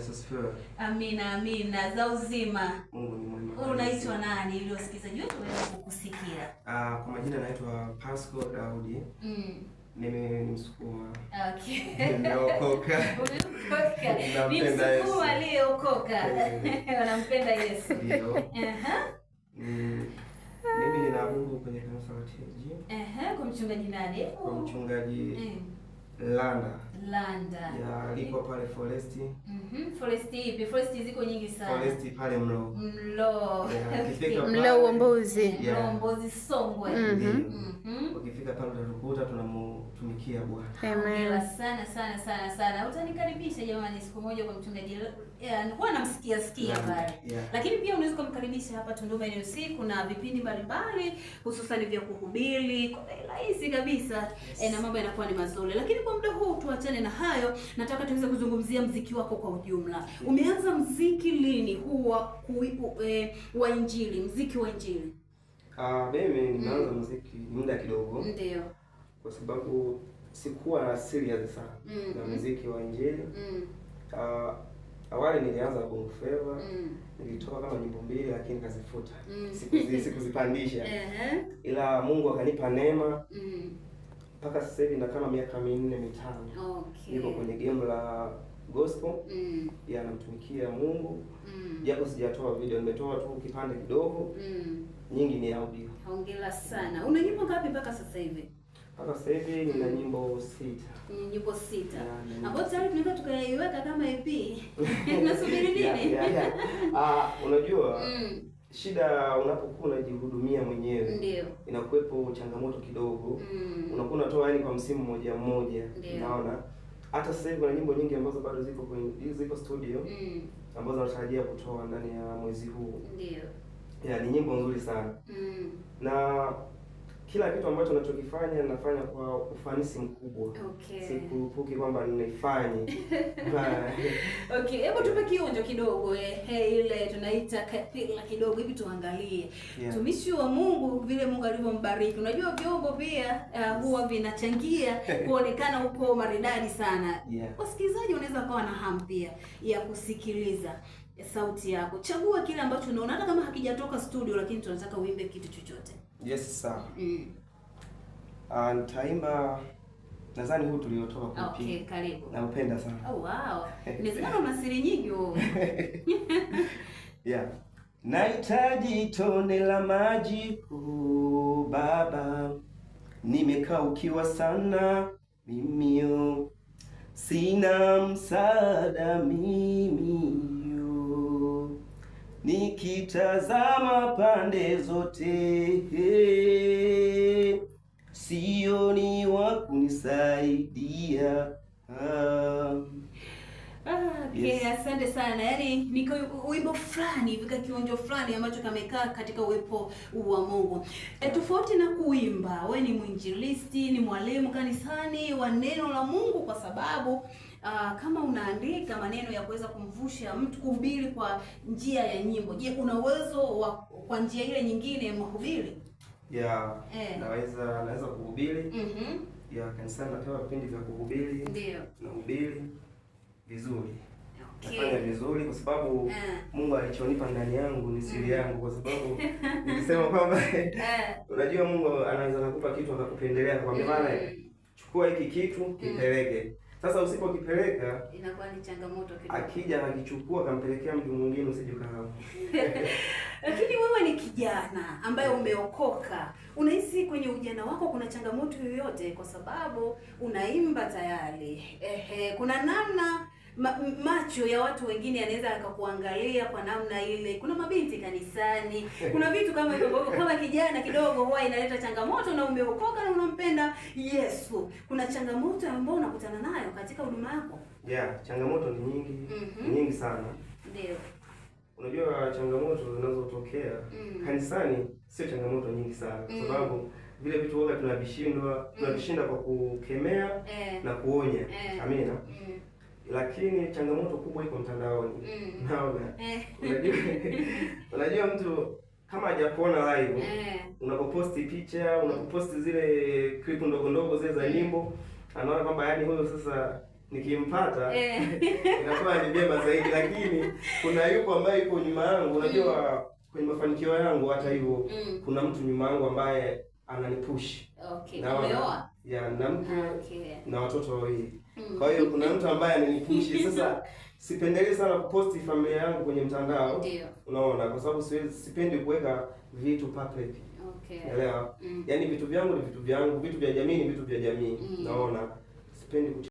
Yesu asifiwe. Amina, amina za uzima. Mungu ni mwema. Unaitwa nani ili wasikilizaji wetu waweze kukusikia? Ah, kwa majina naitwa Pasco Daudi. Mm. Nime ni Msukuma. Okay. Nimeokoka. Umeokoka. Ni Msukuma aliyeokoka. Wanampenda Yesu. Ndio. Aha. Mimi ninaabudu kwenye kanisa la TG. Aha, kwa mchungaji nani? Kwa mchungaji. Mm. Landa. Landa. Ya liko pale foresti. Mhm. Mm foresti ipi? Foresti ziko nyingi sana. Foresti pale Mlo. Mlo. Ukifika pale Mlo Uombozi. Mlo Uombozi Songwe. Mhm. mhm. Ukifika pale utakuta tunamtumikia Bwana. Amen. sana sana sana sana. Utanikaribisha jamani siku moja kwa mchungaji. Nilikuwa namsikia sikia pale. Lakini pia unaweza kumkaribisha hapa Tunduma ile usiku na vipindi mbalimbali hususan vya kuhubiri kwa rahisi kabisa. Yes. E, na mambo yanakuwa ni mazuri. Lakini kwa muda huu tuachane na hayo, nataka tuweze kuzungumzia mziki wako kwa ujumla. Umeanza mziki lini huu wa e, wa injili, mziki wa injili? Ah, mimi mm. nimeanza mm. mziki muda kidogo, ndio kwa sababu sikuwa na serious sana mm. na mm. mziki wa injili mm. ah, Awali nilianza Bongo Flava mm. nilitoa kama nyimbo mbili lakini kazifuta mm. sikuzipandisha ila Mungu akanipa neema mm mpaka sasa hivi na kama miaka minne mitano. Okay. Niko kwenye game la gospel mm. ya namtumikia Mungu mm. japo sijatoa video, nimetoa tu kipande kidogo mm. nyingi ni audio. Hongera sana. Una nyimbo ngapi mpaka sasa hivi? Mpaka sasa hivi mm. nina nyimbo sita. nyimbo sita. Ambapo tayari tunaweza tukaiweka kama EP. Tunasubiri nini? Ah, unajua mm shida unapokuwa unajihudumia mwenyewe ndio inakuwepo changamoto kidogo mm. unakuwa unatoa yani kwa msimu mmoja mmoja, unaona. Hata sasa hivi kuna nyimbo nyingi ambazo bado ziko kwenye ziko studio mm. ambazo natarajia kutoa ndani ya mwezi huu ndio, yeah, ni nyimbo nzuri sana mm. na kila kitu ambacho nachokifanya nafanya kwa ufanisi mkubwa. Okay. Sikurupuki kwamba ninaifanye. Okay, hebu tupe kionjo kidogo eh, ile tunaita kathila kidogo hivi tuangalie. Yeah. Tumishi wa Mungu vile Mungu alivyombariki. Unajua vyombo pia uh, huwa vinachangia kuonekana huko maridadi sana. Yeah. Wasikilizaji unaweza kuwa na hamu pia ya kusikiliza sauti yako. Chagua kile ambacho unaona hata kama hakijatoka studio, lakini tunataka uimbe kitu chochote. Yes sir. Mm. Ah, nitaimba nadhani huu tuliotoka kupiga. Ah, okay, karibu. Naupenda sana. Oh wow. Inawezekana na siri nyingi wewe. Yeah. Nahitaji tone la maji huu baba, nimekaukiwa sana mimio, sina msaada mimi nikitazama pande zote, sioni wa kunisaidia. Ah. Okay, yes. Asante sana. Yaani ni wimbo fulani hivi kionjo fulani ambacho kamekaa katika uwepo wa Mungu. E, tofauti na kuimba, we ni mwinjilisti, ni mwalimu kanisani wa neno la Mungu kwa sababu uh, kama unaandika maneno ya kuweza kumvusha mtu kuhubiri kwa njia ya nyimbo, je, una uwezo wa kwa njia ile nyingine mhubiri? Yeah, eh, naweza naweza kuhubiri Mhm. Ya kanisani napewa vipindi vya kuhubiri, ndio nahubiri vizuri nafanya vizuri kwa sababu uh, Mungu alichonipa ndani yangu ni siri mhm. yangu, kwa sababu nilisema kwamba uh, unajua Mungu anaweza kukupa kitu akakupendelea, kwa maana mm. chukua hiki kitu kipeleke mm. Sasa usipokipeleka inakuwa ni changamoto kidogo. Akija akichukua akampelekea mtu mwingine kahawa. Lakini wewe ni kijana ambaye umeokoka, unahisi kwenye ujana wako kuna changamoto yoyote? Kwa sababu unaimba tayari, ehe, kuna namna ma, macho ya watu wengine yanaweza akakuangalia kwa namna ile. Kuna mabinti kanisani, eh. kuna vitu kama hivyo. Kama kijana kidogo, huwa inaleta changamoto, na umeokoka na unampenda Yesu, kuna changamoto ambayo unakutana nayo katika huduma yako? Yeah, changamoto ni nyingi mm -hmm. nyingi sana ndio. Unajua changamoto zinazotokea mm -hmm. kanisani sio changamoto nyingi sana kwa mm -hmm. sababu vile vitu woga tunavishindwa tunavishinda mm. kwa kukemea eh, na kuonya eh, amina mm lakini changamoto kubwa iko mtandaoni. Mm. Naona eh. unajua unajua mtu kama hajakuona live eh, unapoposti picha unapoposti zile clip ndogo ndogo zile za eh. nyimbo, anaona kwamba yaani huyo sasa nikimpata eh, inakuwa ni vyema zaidi, lakini kuna yuko ambaye yuko nyuma yangu, unajua mm, kwenye mafanikio yangu. Hata hivyo mm, kuna mtu nyuma yangu ambaye ananipush. Okay. Na umeoa? Ya, na mke okay, na watoto wawili. Mm. Kwa hiyo kuna mtu ambaye ananipushi. Sasa sipendelee sana kuposti familia yangu kwenye mtandao. Ndio. Unaona, kwa sababu siwezi sipendi kuweka vitu papepi. Okay. Elewa? Mm. Yaani vitu vyangu ni vitu vyangu, vitu vya jamii ni vitu vya jamii. Mm. Naona sipendi